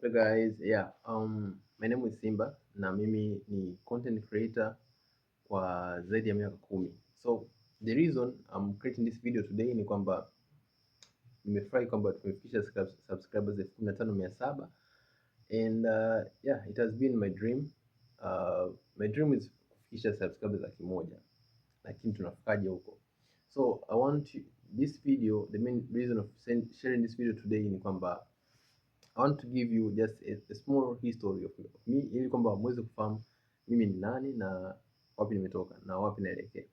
Hello guys, yeah. Um, my name is Simba na mimi ni content creator kwa zaidi ya miaka kumi. So the reason I'm creating this video today ni kwamba nimefurahi kwamba tumefikisha subscribers elfu kumi na tano mia saba and uh, yeah, it has been my dream. Uh, my dream is kufikisha subscribers laki moja lakini tunafikaje huko? So I want you, this video, the main reason of sharing this video today ni kwamba I want to give you just a, a small history of me ili kwamba mweze kufahamu mimi ni nani na wapi nimetoka na wapi naelekea.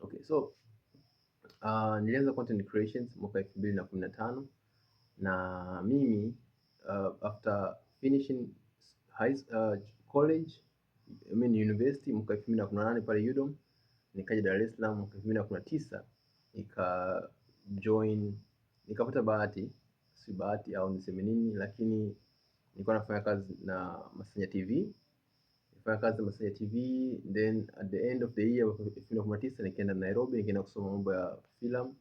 Okay, so uh, nilianza content creations mwaka elfu na kumi na tano na mimi uh, after finishing high, uh, college I mean university mwaka elfu na kumi na nane pale UDOM, nikaja Dar es Salaam mwaka elfu na kumi na tisa nika join nikapata bahati si bahati au niseme nini, lakini nilikuwa nafanya kazi na Masanja TV, nilifanya kazi na Masanja TV, then at the end of the year elfu na nikaenda Nairobi, nikaenda kusoma mambo ya filamu.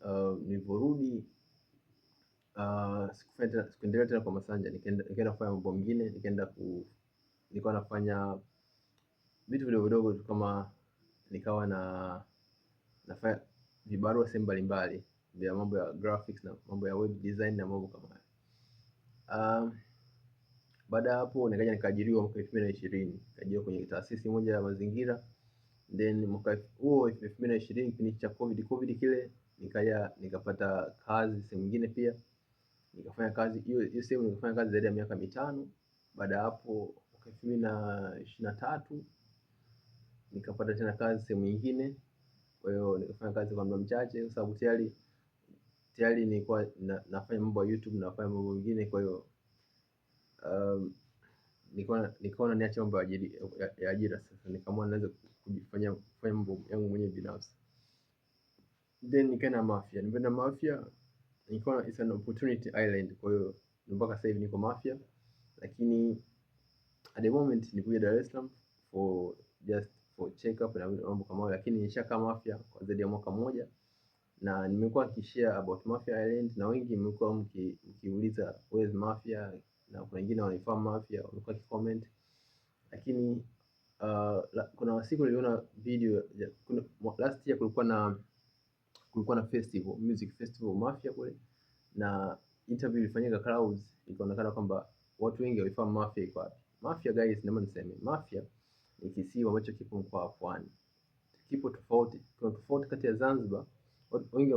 Uh, nilivyorudi uh, sikuendelea tena kwa Masanja, nikaenda kufanya mambo mengine, nikaenda ku nilikuwa nafanya vitu vidogo vidogo kama nikawa na nafanya vibarua sehemu mbalimbali vya mambo ya graphics na mambo ya web design na mambo kama hayo. Um, baada ya hapo nikaja nikaajiriwa mwaka 2020 nikaajiriwa kwenye taasisi moja ya mazingira then mwaka huo 2020 kipindi cha COVID, COVID kile nikaja nikapata kazi sehemu nyingine pia nikafanya kazi hiyo hiyo sehemu nikafanya kazi zaidi ya miaka mitano. Baada ya hapo mwaka 2023 na nikapata tena kazi sehemu nyingine, kwa hiyo nikafanya kazi kwa muda mchache, kwa sababu tayari tayari nilikuwa na, nafanya mambo ya YouTube nafanya mambo mengine, kwa hiyo um, nilikuwa nikaona niache mambo ya ajira sasa, nikaamua naweza kujifanya kufanya mambo yangu mwenyewe binafsi. Then nikaenda Mafia, nilipoenda Mafia nilikuwa it's an opportunity island, kwa hiyo mpaka sasa hivi niko Mafia, lakini at the moment nikuja Dar es Salaam for just for check up na mambo kama hayo, lakini nishakaa Mafia kwa zaidi ya mwaka mmoja na nimekuwa nikishare about Mafia Island na wengi mmekuwa mkiuliza where's Mafia, na kuna wengine wanaifahamu Mafia wamekuwa kicomment, lakini uh, la, kuna siku niliona video ya, kuna, last year kulikuwa na kulikuwa na festival music festival Mafia kule na interview ilifanyika Clouds, ikaonekana kwamba watu wengi walifahamu Mafia iko wapi. Mafia guys, naomba niseme Mafia ni kisiwa ambacho kipo mkoa wa Pwani, kipo tofauti, kuna tofauti kati ya Zanzibar wengi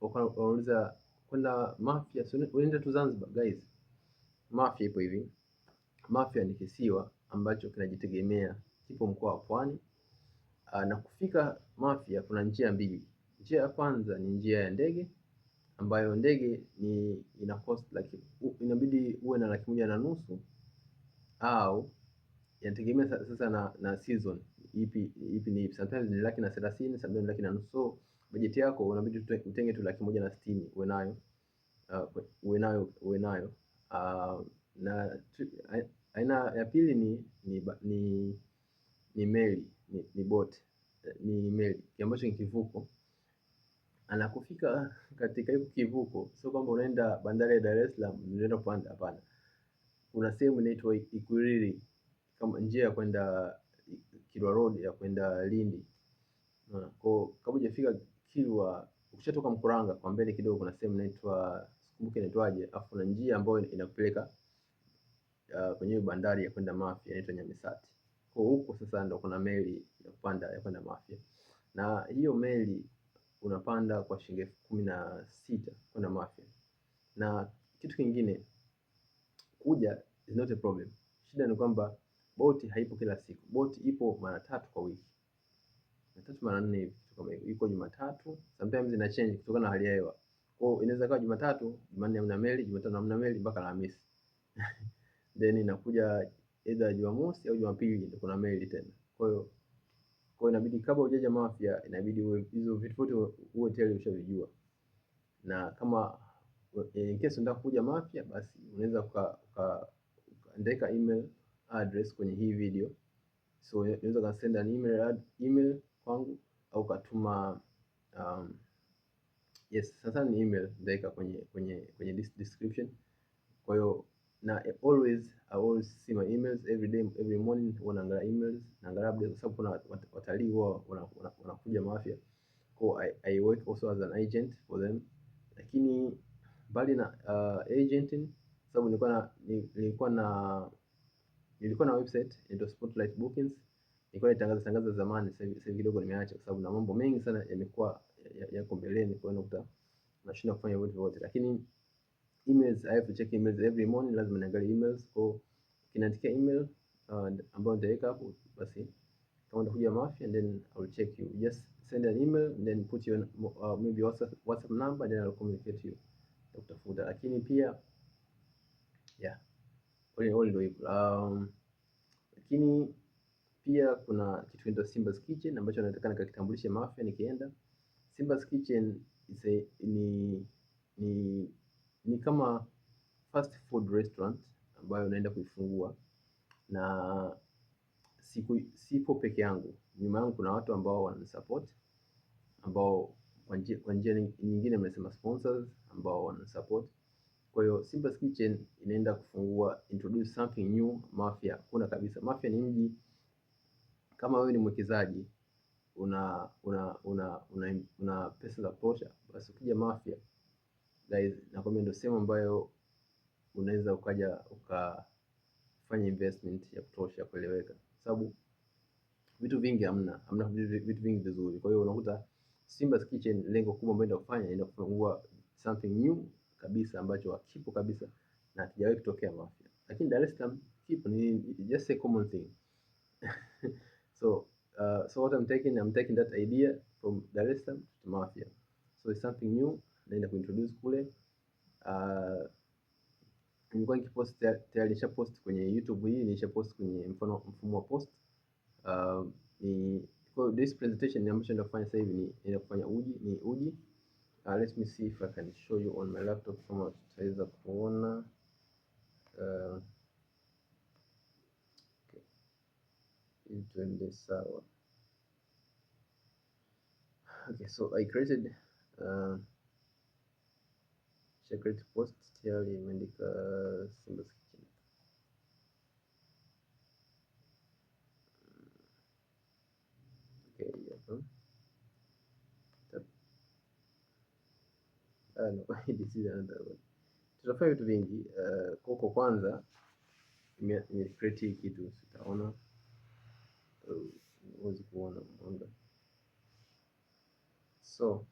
wanauliza kwenda Mafia, unaenda tu Zanzibar guys. Mafia ipo hivi. Mafia ni kisiwa ambacho kinajitegemea, kipo mkoa wa Pwani ah, na kufika Mafia kuna njia mbili. Njia ya kwanza ni njia ya ndege ambayo ndege ni ina cost like, inabidi uwe na laki moja na nusu au inategemea sasa na, na season ipi ipi ni ipi. Sometimes ni laki na thelathini, sometimes ni laki na nusu bajeti yako unabidi utenge tu laki moja na sitini uwe nayo uh, uwe nayo uwe nayo uh, na aina ya pili ni ni ni, ni meli ni, ni ni meli ambacho ni kivuko anakufika katika hiyo kivuko, sio kwamba unaenda bandari ya Dar es Salaam unaenda kupanda, hapana. Kuna sehemu inaitwa Ikwiriri, kama njia ya kwenda Kilwa Road ya kwenda Lindi. Kwa kabla hujafika unatakiwa ukishatoka Mkuranga kwa mbele kidogo kuna sehemu inaitwa sikumbuki inaitwaje, afu kuna njia ambayo inakupeleka uh, kwenye bandari ya kwenda Mafia inaitwa Nyamisati. Kwa huko sasa ndo kuna meli ya kupanda ya kwenda Mafia, na hiyo meli unapanda kwa shilingi elfu kumi na sita kwenda Mafia. Na kitu kingine kuja is not a problem. Shida ni kwamba boti haipo kila siku, boti ipo mara tatu kwa wiki, mara tatu mara nne hivi kama yuko Jumatatu, sometimes ina change kutokana na hali ya hewa. Kwa hiyo inaweza kuwa Jumatatu, Jumanne hamna meli, Jumatano hamna meli mpaka Alhamisi. Then inakuja either Jumamosi au Jumapili ndio kuna meli tena. Kwa hiyo kwa inabidi kabla hujaja Mafia inabidi uwe hizo vitu vyote uwe tayari ushavijua. Na kama eh, in case unataka kuja Mafia basi unaweza ukaandika email address kwenye hii video. So unaweza kusend an email ad, email kwangu au katuma um, yes, sasa ni email ndaika kwenye kwenye kwenye description. Kwa hiyo na always I always see my emails every day, every morning huwa naangalia emails, naangalia update kwa sababu kuna watalii wao wanakuja Mafia. Kwa I, I work also as an agent for them, lakini bali na uh, agenting sababu nilikuwa na nilikuwa na nilikuwa na website ndio Spotlight Bookings nilikuwa nitangaza tangaza zamani, sasa hivi kidogo nimeacha, kwa sababu na mambo mengi sana yamekuwa yako mbeleni, kwa hiyo nakuta nashindwa kufanya vitu vyote, lakini emails, I have to check emails every morning, lazima niangalie emails. Kwa kinaandikia email uh, ambayo nitaweka hapo, basi kama utakuja mafia and then I will check you, just send an email and then put your uh, maybe WhatsApp, WhatsApp number then I will communicate you kutafuta, lakini pia yeah, all in all ndio hivyo um, lakini pia kuna kitu kinaitwa Simba's Kitchen ambacho nataka nikakitambulishe Mafia nikienda. Simba's Kitchen ni, ni, ni kama fast food restaurant ambayo unaenda kuifungua na siku, sipo peke yangu. Nyuma yangu kuna watu ambao wananisupport, ambao kwa njia nyingine mnasema sponsors ambao wananisupport. Kwa hiyo Simba's Kitchen inaenda kufungua introduce something new Mafia. Kuna kabisa Mafia ni mji kama wewe ni mwekezaji una una una, una, una pesa za kutosha, basi ukija Mafia guys, nakwambia ndio sehemu ambayo unaweza ukaja ukafanya investment ya kutosha ya kueleweka, sababu vitu vingi hamna, hamna vitu vingi vizuri. Kwa hiyo unakuta Simba's Kitchen lengo kubwa ambalo kufanya ni kufungua something new kabisa ambacho hakipo kabisa na hakijawahi kutokea Mafia, lakini Dar es Salaam kipo, ni just a common thing So, uh, so what I'm taking, I'm taking that idea from Dar es Salaam to Mafia. So it's something new, naenda kuintroduce kule. Uh, I'm going to post tayari, nisha post kwenye YouTube hii, nisha post kwenye mfano mfumo wa post. Uh, ni kwa this presentation ambacho nenda kufanya sasa hivi ni nenda kufanya uji ni uji. Uh, let me see if I can show you on my laptop kama tutaweza kuona uh, is doing this uh, okay so I created uh, secret post theory medical symbols kitchen okay yeah. Uh, no, this is another one. Tutafanya vitu vingi uh, koko kwanza ime create kitu sitaona huwezi kuona mwanga. So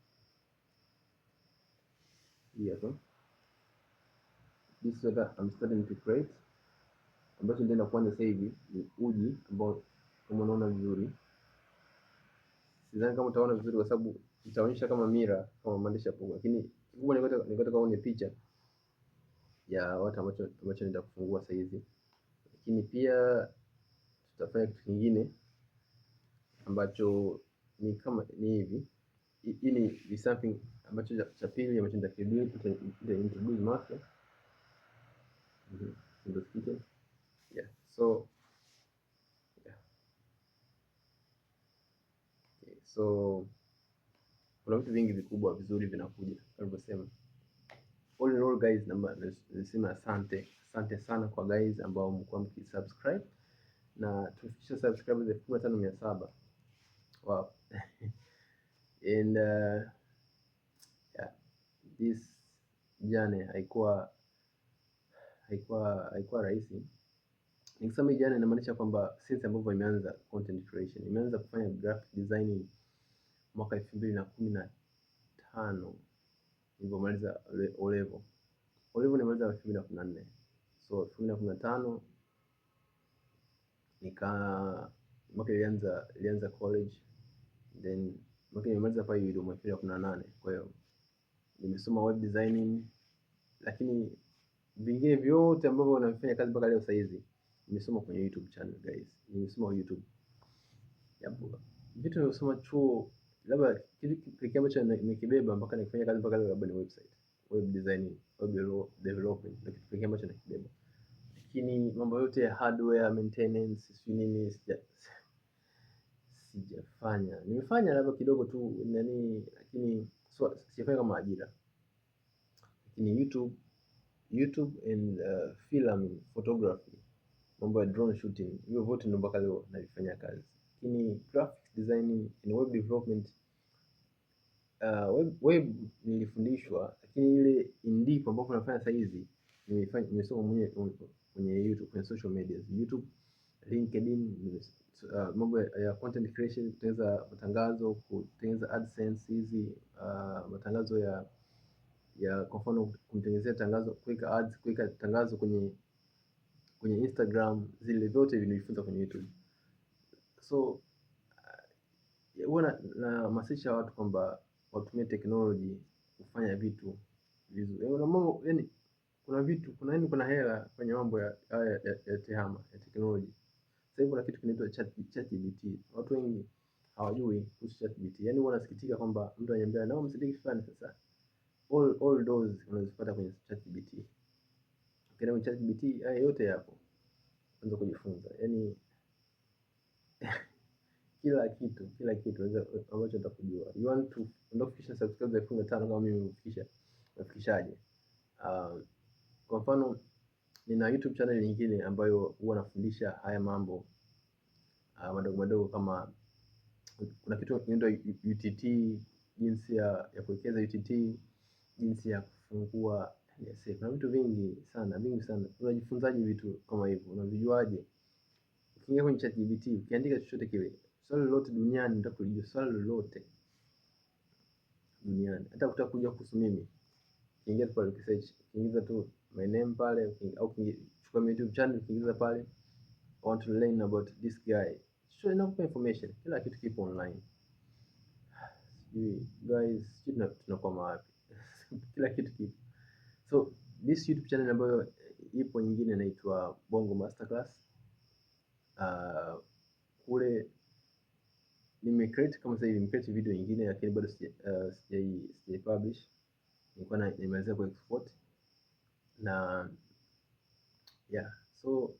hii hapa this sweater I'm starting to create, ambacho ndio nakuanza sasa hivi ni uji ambao kama unaona vizuri, sidhani kama utaona vizuri kwa sababu itaonyesha kama mira kama maandishi hapo, lakini kikubwa nikataka uone picha ya watu ambacho ambacho nenda kufungua sasa lakini pia tutafanya kitu kingine ambacho ni kama ni hivi, ili ni something ambacho cha pili ambacho nitaintroduce mapya Windows Kitchen. Mm-hmm. ndio kitu yeah. so so kuna vitu vingi vikubwa vizuri vinakuja kama nilivyosema. All in all guys, namba nasema asante, asante sana kwa guys ambao mko mkisubscribe na tufikisha subscribers elfu kumi na tano mia saba well, in uh, yeah, this journey haikuwa haikuwa haikuwa rahisi. Nikisema hii journey inamaanisha kwamba since ambavyo imeanza content creation, imeanza kufanya graphic design mwaka elfu mbili na kumi na tano nilipomaliza olevo olevo O level nimaliza elfu mbili na kumi na nne so elfu mbili na kumi na tano nika mwaka ilianza ilianza college then mwaka nimemaliza pale hii mwaka wa kumi Kwa hiyo nimesoma web designing, lakini vingine vyote ambavyo unafanya kazi mpaka leo sasa hizi nimesoma kwenye YouTube channel guys, nimesoma YouTube yapo vitu nimesoma chuo, labda kile kile ambacho nimekibeba mpaka nikifanya kazi mpaka leo labda ni website, web designing, web development, ndio kitu pekee ambacho nakibeba, lakini mambo yote ya hardware maintenance, sio nini sijafanya. Nimefanya labda kidogo tu nani, lakini sijafanya kama ajira, lakini YouTube, YouTube and uh, film photography, mambo ya drone shooting, hiyo vote ndio mpaka leo navifanya kazi, lakini graphic designing and web development uh, web, web nilifundishwa, lakini ile in ambapo nafanya saizi nimesoma mwenyewe kwenye YouTube, kwenye social media, YouTube LinkedIn, uh, mambo ya content creation, kutengeneza matangazo, kutengeneza AdSense hizi, uh, matangazo ya ya kwa mfano kumtengenezea tangazo, kuweka ads, kuweka tangazo kwenye kwenye Instagram, zile vyote vinajifunza kwenye YouTube. So uh, huwa nahamasisha watu kwamba watumie technology kufanya vitu vizuri. Kuna eh, mambo yani, kuna vitu kuna yani, kuna hela kwenye mambo ya, ya, ya, ya tehama ya technology. Sasa hivi kuna kitu kinaitwa ChatGPT. Watu wengi hawajui kuhusu ChatGPT. Yaani huwa nasikitika kwamba mtu ananiambia na msaidie kitu fulani sasa. All all those unazipata kwenye ChatGPT. Ukienda kwenye ChatGPT haya yote yapo. Unaweza kujifunza. Yaani kila kitu, kila kitu unaweza ambacho utakujua. You want to unafikisha subscribe elfu tano kama mimi unafikisha. Unafikishaje? Uh, ah, kwa mfano nina YouTube channel nyingine ambayo huwa nafundisha haya mambo uh, madogo madogo, kama kuna kitu kinaitwa UTT, jinsi ya, ya kuwekeza UTT, jinsi ya kufungua NSE. Kuna vitu vingi sana vingi sana. Unajifunzaje vitu kama hivyo? Unavijuaje? Ukiingia kwenye ChatGPT ukiandika chochote kile, swali lolote duniani nitakujibu swali lolote duniani, hata kutakuja kuhusu mimi, kiingia tu pale research, kiingiza tu my name pale au chukua YouTube channel ukiingiza pale want to learn about this guy, sio inakupa information, kila kitu kipo online. Sijui guys, sijui tunakwama wapi kila kitu kipo. So this YouTube channel ambayo eh, ipo nyingine inaitwa Bongo Masterclass. Uh, kule nimecreate kama sasa hivi nimecreate video nyingine, lakini bado ah, sijai publish, nilikuwa nimeanza ku export na yeah so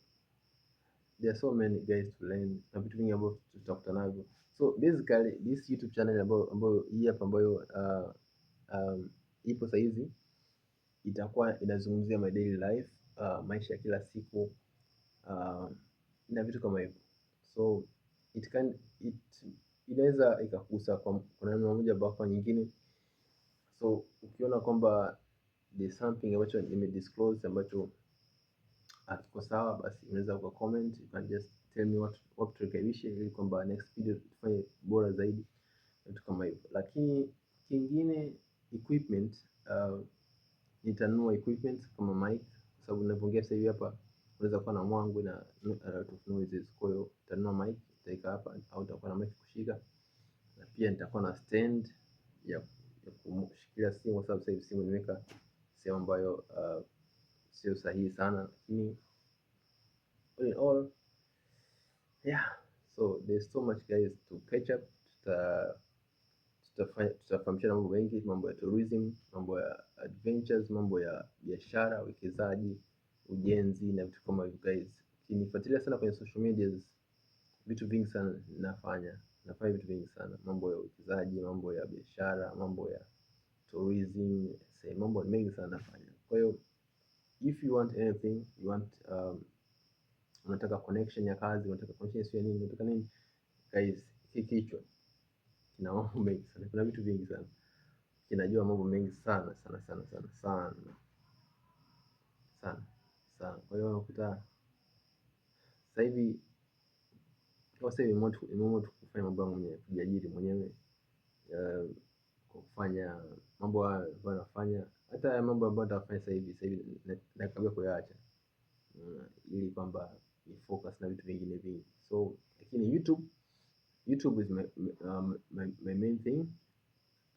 there are so many guys to learn na vitu vingi ambavyo tutakutana navyo so basically this youtube channel ambayo ambayo hii hapa ambayo uh, um, ipo saizi itakuwa inazungumzia my daily life uh, maisha ya kila siku uh, na vitu kama hivyo so it can it inaweza ikakusa kwa namna moja baada nyingine so ukiona kwamba there's something ambacho nimedisclose ambacho akiko ah, sawa, basi unaweza uka comment, you can just tell me what what turekebishe, ili kwamba next video tufanye bora zaidi, vitu kama hivyo. Lakini kingine equipment, uh, nitanunua equipment kama mic, kwa sababu ninapoongea sasa hivi hapa unaweza kuwa na mwangu na lot noises. Kwa hiyo nitanunua mic nitaweka hapa, au nitakuwa na mic kushika, na pia nitakuwa na stand ya ya kushikilia simu, kwa sababu sasa hivi simu nimeweka sehemu ambayo uh, sio sahihi sana, lakini all in all yeah, so there's so much guys to catch up. Tuta tutafahamishana mambo mengi, mambo ya tourism, mambo ya adventures, mambo ya biashara, uwekezaji, ujenzi na vitu kama hivyo guys. Ukinifuatilia sana kwenye social medias, vitu vingi sana nafanya, nafanya vitu vingi sana, mambo ya uwekezaji, mambo ya biashara, mambo ya tourism mambo mengi sana nafanya. Kwa hiyo if you want anything, you want um, unataka connection ya kazi, unataka connection sio nini, unataka nini guys, hiki kichwa kina mambo mengi sana, kuna vitu vingi sana, kinajua mambo mengi sana sana sana sana sana sana sana. Kwa hiyo unakuta sasa hivi kwa sasa hivi mtu mmoja kufanya mambo yangu mwenyewe, kujiajiri mwenyewe uh, kwa kufanya mambo ambayo nafanya, hata haya mambo ambayo nitafanya sasa hivi sasa hivi nakabia kuyaacha mm, ili kwamba ni focus na vitu vingine vingi. So lakini YouTube, YouTube is my, um, my, my main thing,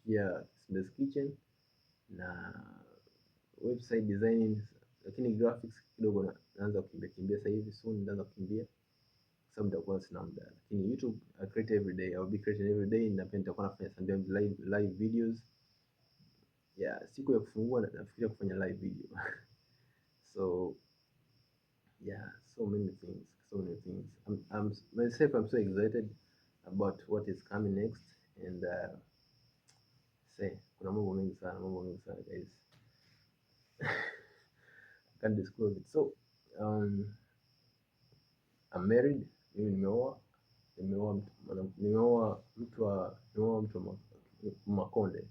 pia Sibes Kitchen na website designing, lakini graphics kidogo naanza kukimbia kimbia sasa hivi, soon nitaanza kukimbia Some sababu nitakuwa sina muda, lakini YouTube I create every day, I will be creating every day na pia nitakuwa nafanya sometimes live, live videos yeah, siku ya kufungua nafikiria kufanya live video so yeah, so many things, so many things. I'm, I'm myself, I'm so excited about what is coming next and uh, say kuna mambo mengi sana, mambo mengi sana guys I can't disclose it so um, I'm married mimi nimeoa nimeoa nimeoa mtu wa nimeoa mtu Makonde.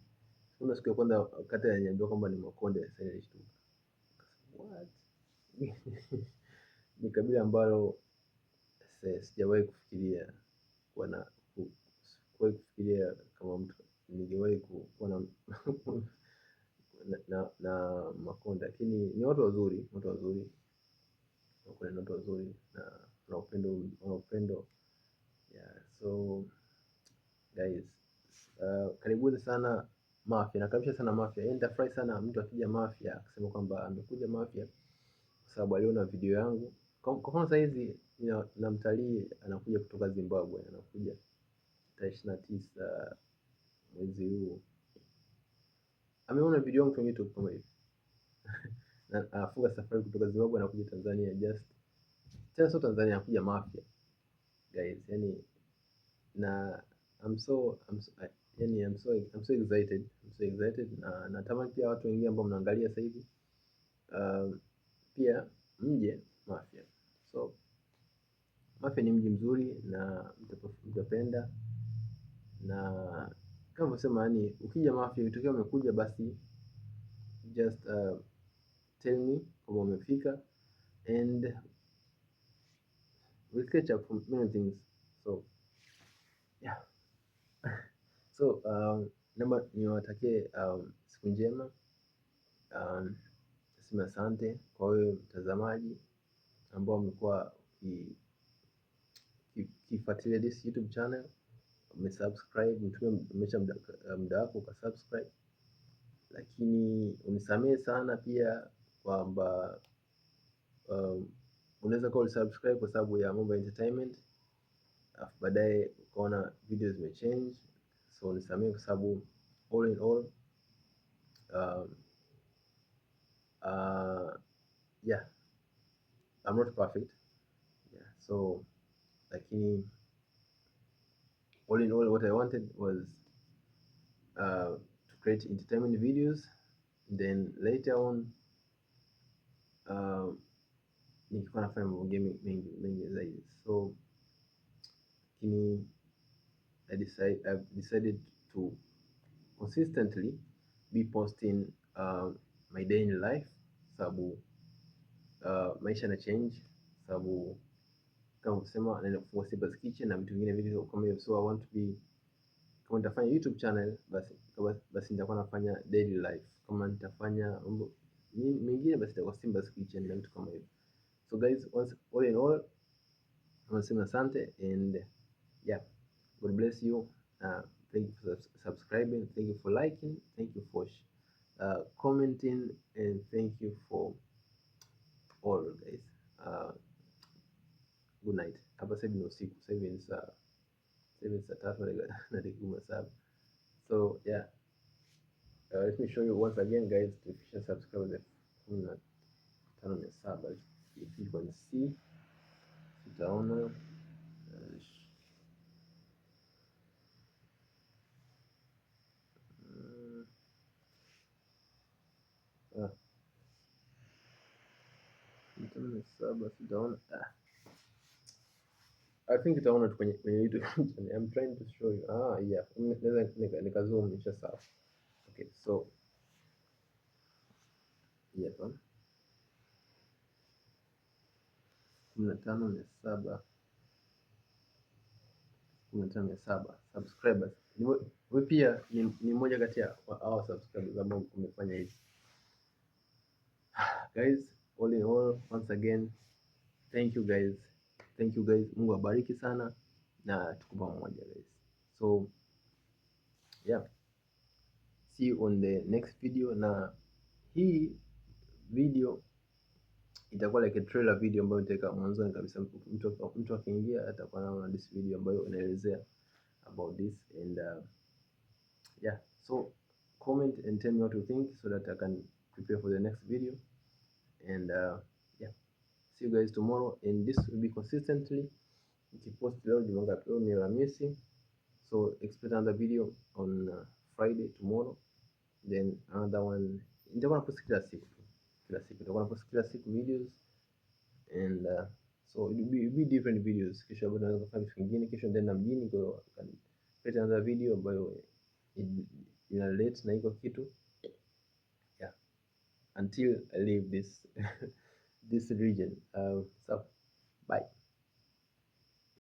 Kuna siku ya kwanza wakati ananiambia kwamba ni Makonde, sasa nilishtuka what ni kabila ambalo sijawahi kufikiria kuwa na kuwahi kufikiria kama mtu ningewahi kuwa na na, na, Makonde, lakini ni watu wazuri, watu wazuri Makonde ni watu wazuri na na upendo na upendo yeah. So guys, uh, karibuni sana Mafia, nakaribisha sana Mafia. Yaani nitafurahi sana mtu akija Mafia akisema kwamba amekuja Mafia kwa sababu aliona video yangu. Kwa mfano saa hizi na mtalii anakuja kutoka Zimbabwe, anakuja tarehe ishirini na tisa mwezi huu, ameona video yangu kwenye YouTube kama hivi, anafunga safari kutoka Zimbabwe anakuja Tanzania just tena sio Tanzania kuja Mafia guys, yani na I'm so, I'm so, I, yani I'm so, I'm so excited, I'm so excited na natamani pia watu wengine ambao mnaangalia sasa hivi um, pia mje Mafia. So Mafia ni mji mzuri na mtapenda, na kama unasema yani ukija Mafia utokea umekuja basi just uh, tell me kama umefika and we catch from many things. So yeah. So um, naomba niwatakie um, siku njema. Um, sema asante kwa wewe mtazamaji ambao umekuwa ukifuatilia this YouTube channel, umesubscribe, umesha muda wako ukasubscribe, lakini unisamehe sana pia kwamba um, unaweza kuwa ulisubscribe kwa sababu ya Moba Entertainment, alafu baadaye ukaona video zimechange, so nisamehe kwa sababu all in all um, uh, yeah I'm not perfect yeah, so lakini all in all what I wanted was uh, to create entertainment videos then later on um, nilikuwa nafanya mambo mengi mengi zaidi so lakini I decide, I've decided to consistently be posting uh, my daily life sababu uh, maisha na change sababu kama kusema naenda kufungua Siba's Kitchen na vitu vingine vingi kama hiyo, so I want to be kama nitafanya YouTube channel basi basi nitakuwa nafanya daily life, kama nitafanya mambo mengine basi itakuwa Siba's Kitchen na vitu kama hivyo so guys once all in all once in asante and yeah god bless you uh, thank you for subscribing thank you for liking thank you for uh, commenting and thank you for all guys uh, good night hapa sasa ni usiku sasa hivi ni saa hivi saa tatu na dakika saba so yeah uh, let me show you once again guys tufikisha subscribe kumi na tano mia saba ikiwa ni C utaona saba Ah. I think it's when you do it. I'm trying to show you. Ah, yeah. Okay, so yeah, kumi na tano mia saba kumi na tano mia saba subscribers. Wewe pia ni, mmoja kati ya hao subscribers ambao umefanya hivi. Guys, all in all, once again, thank you guys. Thank you guys. Mungu abariki sana na tuko pamoja guys. So yeah. See you on the next video na hii video itakuwa like a trailer video ambayo nitaweka mwanzoni kabisa. Mtu mtu akiingia atakuwa anaona this video ambayo inaelezea about this and uh, yeah so comment and tell me what you think so that I can prepare for the next video and uh, yeah see you guys tomorrow and this will be consistently nikipost leo Jumatatu, leo ni Alhamisi so expect another video on uh, Friday tomorrow then another one nitakuwa napost kila siku kila siku utakuwa na post kila siku videos and uh, so it will be, it be different videos. Kisha bado naweza kufanya kitu kingine, kisha then nitaenda mjini kwa create another video ambayo ina relate na iko kitu yeah, until I leave this this region uh, so bye.